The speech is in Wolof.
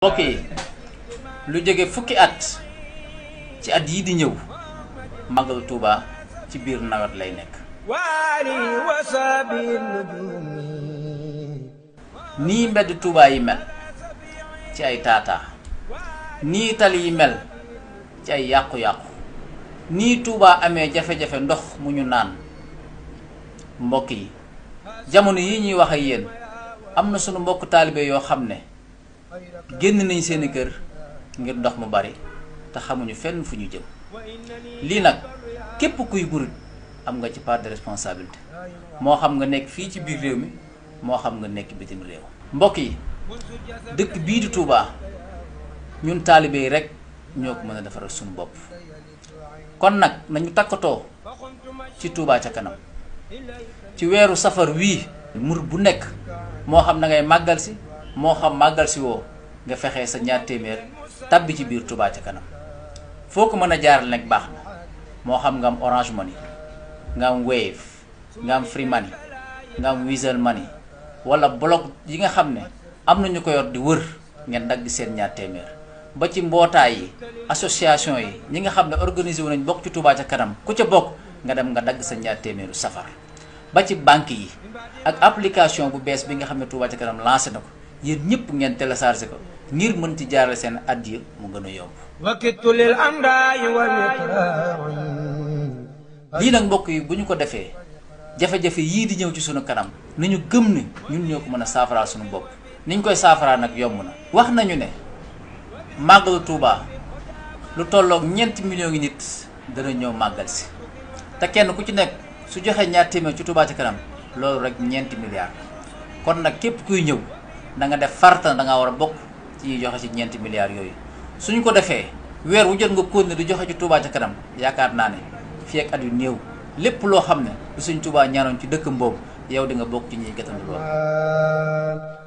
mbokk yi lu jege fukki at ci at yii di ñëw màggal Tuuba ci biir nawet lay nekk nii mbedd Tuuba yi mel ci ay taataa nii tali yi mel ci ay yàqu-yàqu nii Tuuba amee jafe-jafe ndox mu ñu naan mbokk yi jamono yi ñuy wax ak yéen am na sunu mbokk taalibe yoo xam ne génn nañ seeni kër ngir ndox mu bari te xamuñu fenn fu ñu jëm lii nag képp kuy murit am nga ci part de responsabilité moo xam nga nekk fii ci biir réew mi moo xam nga nekk bitim réew mbokk yi dëkk bii di Touba ñun taalibe yi rek ñoo ko mën a defaral suñu bopp kon nag nañu takkatoo ci Touba ca kanam ci weeru safar wii mur bu nekk moo xam na ngay màggal si moo xam màggal si woo nga fexe sa ñaar téeméer tabbi ci biir tubaa ca kanam foo ko mën a jaaral nag baax na moo xam nga am Orange Money nga am Wave nga am Free Money nga am Wizall Money wala bloc yi nga xam ne am na ñu ko yor di wër ngeen dagg seen ñaar téeméer ba ci mbootaay yi association yi ñi nga xam ne organisé wu nañ bokk ci tubaa ca kanam ku ca bokk nga dem nga dagg sa ñaar téeméeru safar ba ci banque yi ak application bu bees bi nga xam ne Touba ca lancé na ko. yéen ñëpp ngeen téléchargé ko ngir mën ci jaarale seen addiya mu gën a yomb. wakkitu lil amdaay wal lii nag mbokk yi bu ñu ko defee jafe-jafe yii di ñëw ci sunu kanam ñu gëm ni ñun ñoo ko mën a saafaraal sunu bopp niñ koy saafaraa nag yomb na. wax nañu ne màggalu tuubaa lu tollook ñeenti millions yi nit dana ñëw màggal si te kenn ku ci nekk su joxe ñaar téeméer ci Touba ci kanam loolu rek ñeenti milliards kon nag képp kuy ñëw. da nga def farta da ngaa war a bokk ci ñuy joxe ci ñeenti milliards yooyu suñ ko defee weer wu jot nga kóon ne du joxe ci Touba ca kanam yaakaar naa ne fi ak at yu néew lépp loo xam ne lu suñ Touba ñaanoon ci dëkk boobu yow di nga bokk ci ñuy gëtandu lool